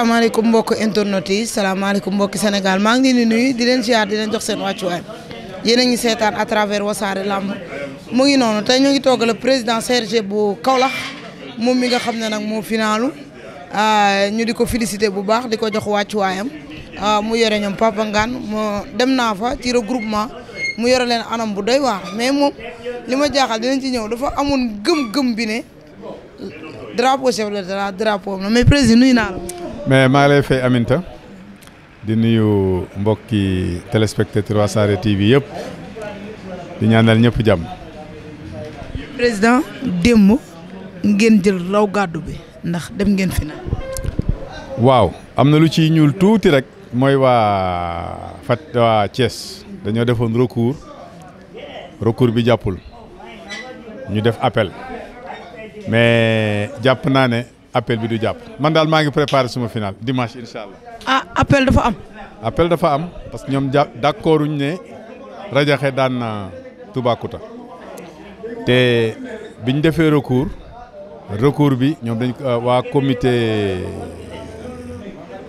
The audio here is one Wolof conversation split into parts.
salaamaaleykum mbokk internet yi salaamaaleykum mbokki Sénégal maa ngi leen nuyu di leen ziar di leen jox seen wàccuwaay yéen a ngi seetaan à travers wasaare làmb mu ngi noonu te ñu ngi toogal le président CRG bu Kaolack moom mi nga xam ne nag moo finaalu ah, ñu di ko félicité bu baax di ko jox wàccuwaayam ah, mu yore ñoom Papa Ngane dem naa fa ci groupement mu yore leen anam bu doy waar mais moom li ma jaaxal dinañ ci ñëw dafa amoon gëm-gëm bi ne drapeau chef de la drapeau mais président nuyu naa mais maa lay fay Aminta di nuyu mbokki téléspectateur Wassare TV yëpp di ñaanal ñëpp jàmm. président démb ngeen jël raw gàddu bi ndax dem ngeen final. waaw am na lu ci ñuul tuuti rek mooy waa Fat waa Thiès dañoo defoon recours recours bi jàppul ñu def appel mais jàpp naa ne. appel bi du jàpp man daal maa ngi préparé suma final dimanche incha allah. ah appel dafa am. appel dafa am parce que ñoom ja d' accord ne Radiakhé daan na Toubacouta te biñ defee recours recours bi ñoom dañ waa comité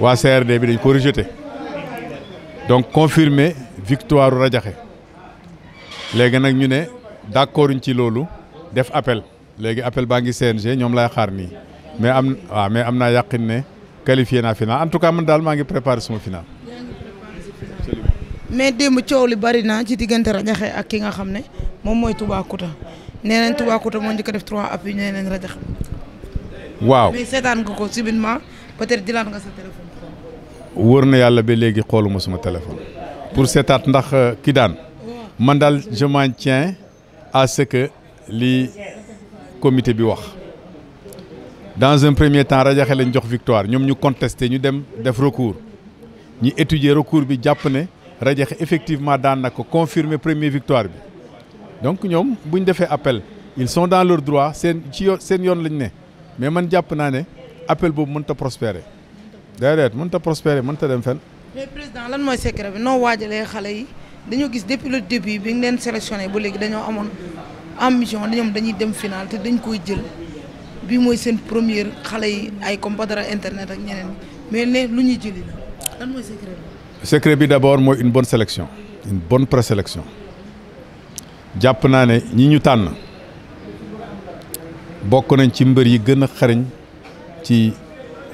waa CRD bi dañ ko rejeté donc confirmer victoire Radiakhé léegi nag ñu ne d' accord uñ ci loolu def appel léegi appel baa ngi CNG ñoom laay xaar nii. mais am waa mais am naa yàqin ne qualifié naa final en tout cas man daal maa ngi préparé suma final. mais démb coow li bari na ci diggante Radiakhé ak ki nga xam ne moom mooy Toubacouta nee nañ Toubacouta moo njëkk a def trois appui nee nañ Radiakhé. waaw mais seetaan nga ko subitement peut-être jëlaat nga wóor na yàlla ba léegi xooluma suma téléphone. pour seetaat ndax euh, ki daan. man daal je m'en à ce que li comité bi wax. dans premier temps Radiakhé lañ jox victoire ñoom ñu contesté ñu dem def recours ñu étudier recours bi jàpp ne Radiakhé effectivement daan na confirmer premier victoire bi donc ñoom bu ñu defee appel ils son dans leur droit seen ci yoon seen yoon ne mais man jàpp naa ne appel boobu mënut a prospérer déedéet mënut a prospérer mënut a dem fenn. mais président lan mooy secret bi noo waajalee xale yi dañoo gis depuis le début bi nga leen sélectionné ba léegi dañoo amoon ambition ñoom dañuy dem final dañ koy jël. bi mooy seen première xale yi ay comme internet ak lu ñuy jëli la secret bi. secret d' abord mooy une bonne sélection une bonne présélection jàpp naa ne ñi ñu tànn bokk nañ ci mbër yi gën a xarañ ci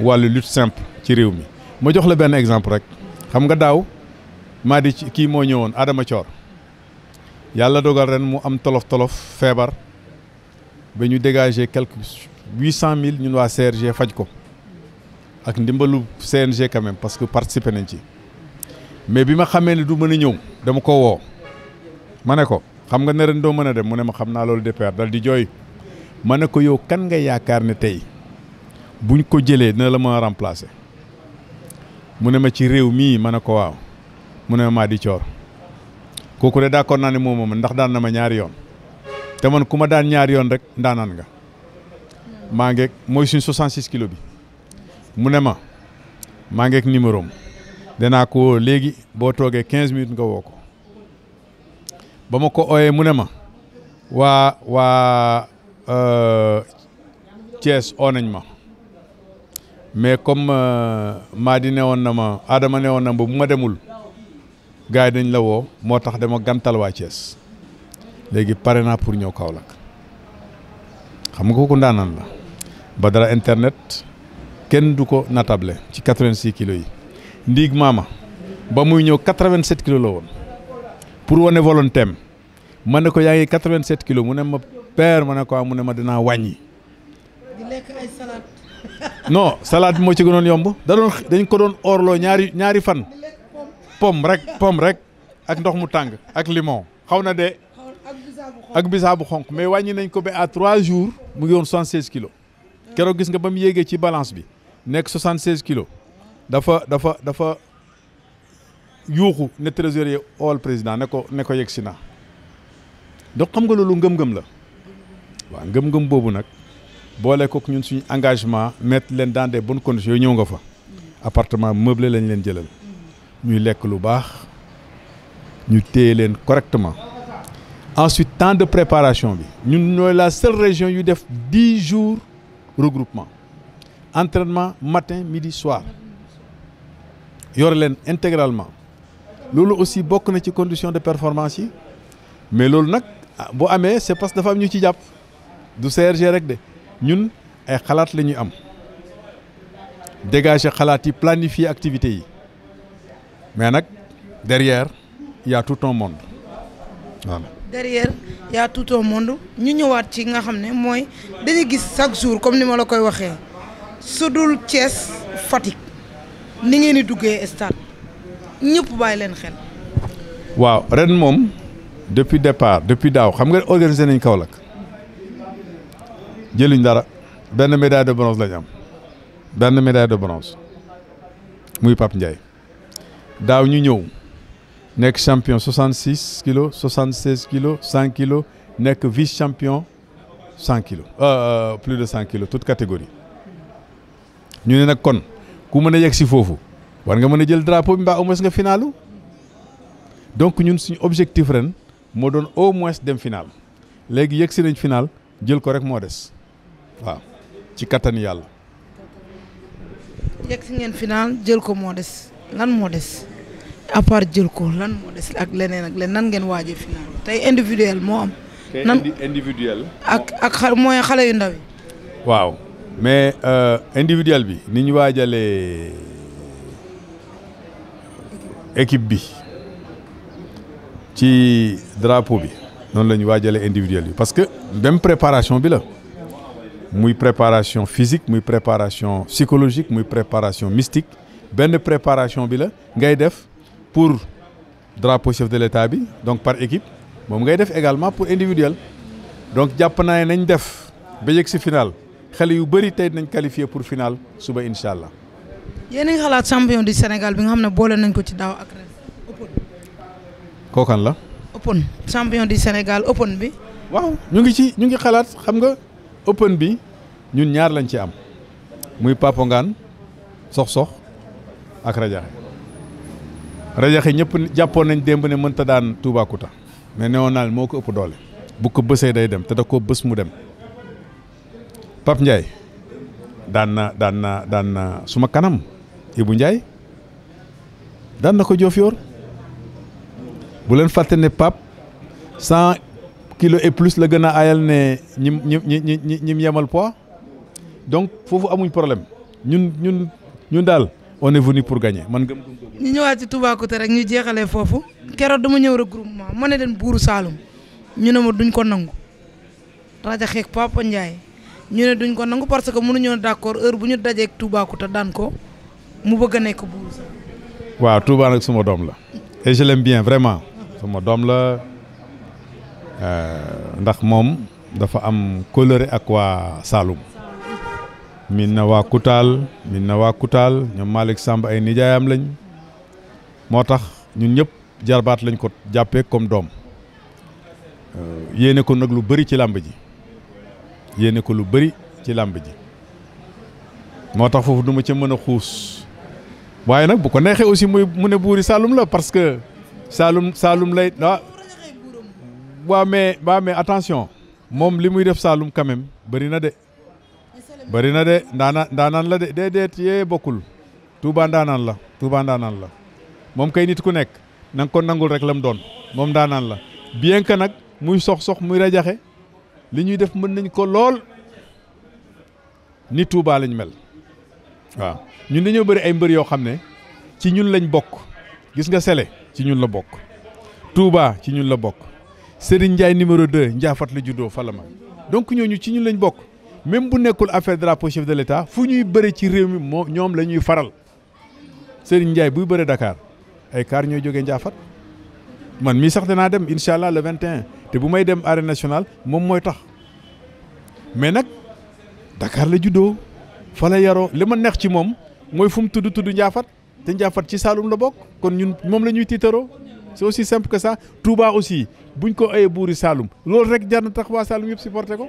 wàllu lutte simple ci réew mi ma jox la benn exemple rek xam nga daaw maa di kii moo ñëwoon Adama Thior yàlla dogal ren mu am tolof tolof feebar ba ñu dégager quelques huit cent mille ñun waa CRG faj ko ak ndimbalu CNG quand même parce que participer nañ ci mais bi ma xamee ne du mën a ñëw dama ko woo ma ne ko xam nga ne doo mën a dem mu ne ma xam naa loolu DPR dal di jooy ma ne ko yow kan nga yaakaar ne tey buñ ko jëlee dina la ma a mu ne ma ci réew mii ma ne ko waaw mu ne ma maa di coor kooku de d'accord naa ne moom moom ndax daan na ma ñaari yoon te man ku ma daan ñaari yoon rek ndaanaan nga. maa ngeeg mooy suñ 66 kilo bi mu ne ma maa ngeeg numéro danaa ko léegi boo toogee 15 minutes nga woo ko ba ma ko ooyee mu ne ma waa waa euh, Thiès oo nañ ma mais comme euh, maa di ne woon na ma Adama ne woon na ma bu ma demul gars yi dañ la woo moo tax dema gantal waa Thiès léegi pare naa pour ñëw Kaolack xam nga kooku ndaanaan la ba dara internet kenn du ko natable ci 86 kilos yi ndiig maama ba muy ñëw 87 kilos la woon pour wane volonté am ma ne ko yaa ngi 87 kilos mu ne ma père ma ne ko ah, mu ne ma dinaa wàññi. no salaat moo ci gënoon yomb da doon dañ ko doon orloo ñaari ñaari fan. pom rek pom rek ak ndox mu tàng ak limon xaw na de. ak bisaabu xonq mais wàññi nañ ko be à 3 jours mu ngi woon 76 kilos. keroog gis nga ba mu yéegee ci balance bi nekk 76 kilos dafa dafa dafa yuuxu ne trésorier ool président ne ko ne ko yegg si naa donc xam nga loolu ngëm-ngëm la waaw ngëm-ngëm boobu nag boole kook ñun suñu engagement mettre leen dans des bonnes conditions yooyu ñëw nga fa appartement meublé lañ leen jëlal ñuy lekk lu baax ñu téye leen correctement ensuite temps de préparation bi ñun ñooy la seule région yu def dix regroupement entraînement matin midi soir yore leen intégralement loolu aussi bokk na ci condition de performance yi mais loolu nag ah, bu amee c'est parce que dafa am ñu ci jàpp du CRG rek de ñun ay xalaat la ñuy am dégage xalaat yi planifier activités yi mais nag derrière yaa y a tout un monde derrière y a monde ñu ñëwaat ci nga xam ne mooy dañuy gis chaque jour comme ni ma la koy waxee su dul Thiès Fatick ni ngeen di duggee stade ñëpp bàyyi leen xel. waaw ren moom depuis départ depuis daaw xam nga organiser nañ Kaolack jëluñ dara benn médaille de bronze lañ am benn médaille de bronze muy Pape Ndiaye daaw ñu ñëw. nekk champion 66 kilos 76 kilos 100 kilos nekk vice champion 100 kilos euh, plus de 100 kilos toute catégorie ñu ne nag kon ku mën a yegg si foofu war nga mën a jël drapeau bi mbaa au nga finalu donc ñun suñu objectif ren moo doon au moins dem final léegi yegg si nañ final jël ko rek moo des waaw ci kattanu yàlla. yegg si ngeen final jël ko moo des lan moo des. à part jël ko lan moo des ak leneen ak leneen nan ngeen waajee final tey individuel moo am. nan individuel. ak ak xa mooy xale yu ndaw yi. waaw mais euh, individuel bi ni ñu waajalee équipe bi ci drapeau bi noonu la ñu waajalee individuel bi parce que même préparation bi la muy préparation physique muy préparation psychologique muy préparation mystique benn préparation bi la ngay def. pour drapeau chef de l'État bi donc par équipe moom ngay def également pour individuel donc jàpp naa ne nañ def ba yegg si final xale yu bëri tey nañ qualifié pour final suba incha allah. yenn xalaat champion di Sénégal bi nga xam ne boole nañ ko ci daaw ak ren open. la. open champion du Sénégal open bi. waaw ñu ngi ci ñu ngi xalaat xam nga open bi ñun ñaar lañ ci am muy Papongaan sox-sox ak Rajaxe rajaxe ñëpp jàppoon nañ démb mën mënta daan Toubacouta mais newoon moo ko ëpp doole bu ko bësee day dem te da koo bës mu dem Pape Ndiaye daan na daan na daan na suma kanam ibu Ndiaye daan na ko Diofior bu leen fàtte ne Pape cent kilos et plus la gën a ayal ne ñim ñi ñi ñi ñim yemal poids donc foofu amuñ problème ñun ñun ñun daal on est venu pour gagner man gëm ñu ñëwaat ci Toubacouta rek ñu jeexalee foofu keroog dama ñëw regroupement ma ne leen buuru Saalum ñu ne ma duñ ko nangu rajo xeeg Papa Ndiaye ñu ne duñ ko nangu parce que mënuñoo d'accord heure bu ñu dajeeg Toubacouta daan ko mu bëgg a nekk buuru Saalum. waaw Touba nag suma doom la et je l'aime bien vraiment suma doom la euh, ndax moom dafa am coloré ak waa Saalum. miin na waa Kutaal min na waa Kutaal ñoom Malick Samb ay nijaayam lañ moo tax ñun ñëpp jarbaat lañ ko jàppee comme doom yéene ko nag lu bëri ci làmb ji yéene ko lu bëri ci làmb ji moo tax foofu du ma ca mën a xuus waaye nag bu ko neexee aussi muy mu ne buuri Saloum la parce que Saloum saalum lay ah waa mais waa mais attention moom li muy def Saloum quand même bëri na de. bari na de ndaanaan ndaanaan la de déedéet yee bokkul Touba ndaanaan la Touba ndaanaan la moom kay nit ku nekk nan nga ko nangul rek la doon moom ndaanaan la bien que nag muy sox-sox muy rajaxe li ñuy def mën nañ ko lool ni tuubaa lañ mel waaw ñun dañoo bari ay mbër yoo xam ne ci ñun lañ bokk gis nga Sele ci ñun la bokk Touba ci ñun la bokk Serigne njaay numéro 2 Ndiaafat la juddoo fa la ma donc ñooñu ci ñun lañ bokk. même bu nekkul affaire drapeau chef de l' état fu ñuy bëre ci réew mi moo ñoom la ñuy faral Serigne Ndiaye buy bëre dakaar ay kaar ñooy jógee Ndiafat man mii sax danaa dem incha allah le 21 te bu may dem arène nationale moom mooy tax mais nag Dakar la juddoo fa la yaroo li ma neex ci moom mooy fu mu tudd tudd Ndiafat te Ndiafat ci Saalum la bokk kon ñun moom la ñuy tiitaroo c' est aussi simple que ça Touba aussi buñ ko ayee buuri Saalum loolu rek jar tax waa Saalum yëpp supporté ko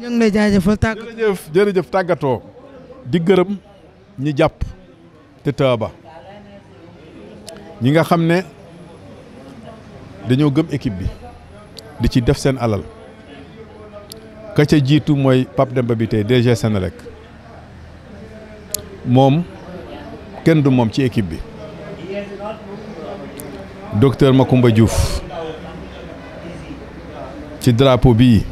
ñu ngi lay jaajëfal tàggatoo jërëjëf jërëjëf tàggatoo di gërëm ñi jàpp te ba ñi nga xam ne dañoo gëm équipe bi di ci def seen alal ka ca jiitu mooy Pape Demba bi tey seen Senelec moom kenn du moom ci équipe bi docteur Macoumba juuf ci drapeau bii.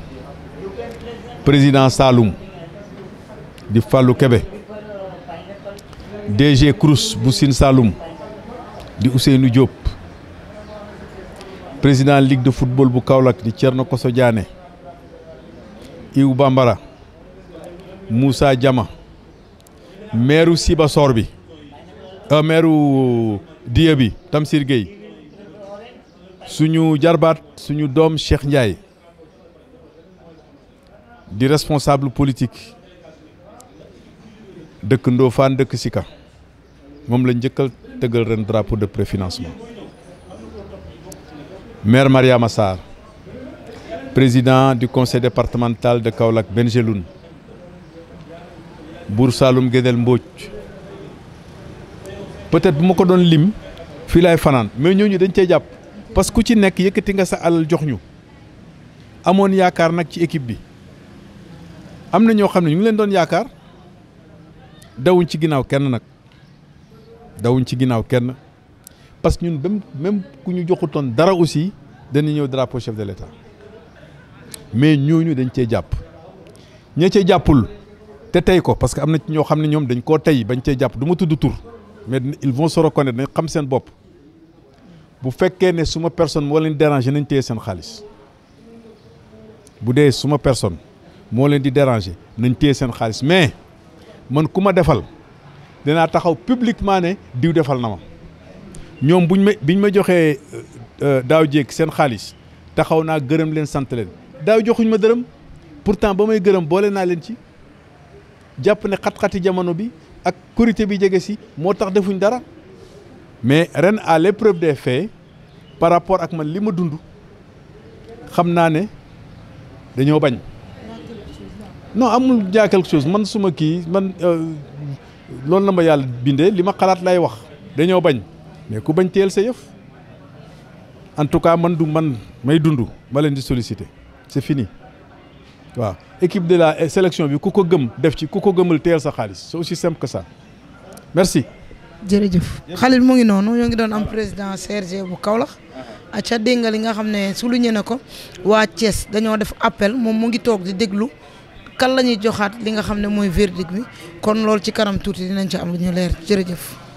président Saloum di Fallou Kébé DG Crous bu Sine Saloum di Ousseynou Diop président ligue de football bu Kaolack di Thierno Koso Diané Iw Bambara Moussa jama maire Sibassor bi euh, maire Diya bi Tamsir Gueye suñu jarbaat suñu doom Cheikh Ndiaye di responsable politique dëkk Ndofane dëkk Sika moom la njëkkal tëggal ren drapeau de préfinancement maire Mariama Sarr président du conseil départemental de Kaolack Bengeloun Bour Saloum Gédel mbooj peut-être bu ma ko doon lim fii laay fanaan mais ñooñu dañ cee jàpp parce que ku ci nekk yëkkati nga sa alal jox ñu amoon yaakaar nag ci équipe bi am na ñoo xam ne ñu ngi leen doon yaakaar dawuñ ci ginnaaw kenn nag dawuñ ci ginnaaw kenn parce que ñun même même ku ñu joxutoon dara aussi dañu ñëw drapeau chef de l' état mais ñooñu dañ cee jàpp ña cee jàppul te tey ko parce que am na ñoo xam ne ñoom dañ koo tey bañ cee jàpp du ma tudd tur mais ils vont se reconnaître dañ xam seen bopp bu fekkee ne suma personne moo leen déranger nañ téye seen xaalis bu dee suma personne. moo leen di déranger nañ téye seen xaalis mais man ku ma defal dinaa taxaw publiquement ne diw defal na ma ñoom buñ ma biñ ma joxee euh, euh, daaw jéeg seen xaalis taxaw naa gërëm leen sant leen daaw joxuñ ma dërëm pourtant ba may gërëm boole naa leen ci jàpp ne xat-xati jamono bi ak korité bi jege si moo tax defuñ dara mais ren à l'épreuve des faits par rapport ak man li ma dund xam naa ne dañoo bañ non amul jaa quelque chose man suma kii man euh, loolu la ma yàlla bindee li ma xalaat lay wax dañoo bañ mais ku bañ teel sa yëf en tout cas man du man may dund ma leen di solliciter c'est fini waaw équipe de la euh, sélection bi ku ko gëm def ci ku ko gëmul teel sa xaalis c'est aussi simple que ça merci. jërëjëf Khalil mu ngi noonu ñoo ngi doon am président CRG bu Kaolack aca dégg nga li nga xam ne souligné na ko waa Thiès dañoo def appel moom mu ngi toog di déglu. kan la ñuy joxaat li nga xam ne mooy verdict mi kon loolu ci kanam tuuti dinañ ci am lu ñu leer jërëjëf.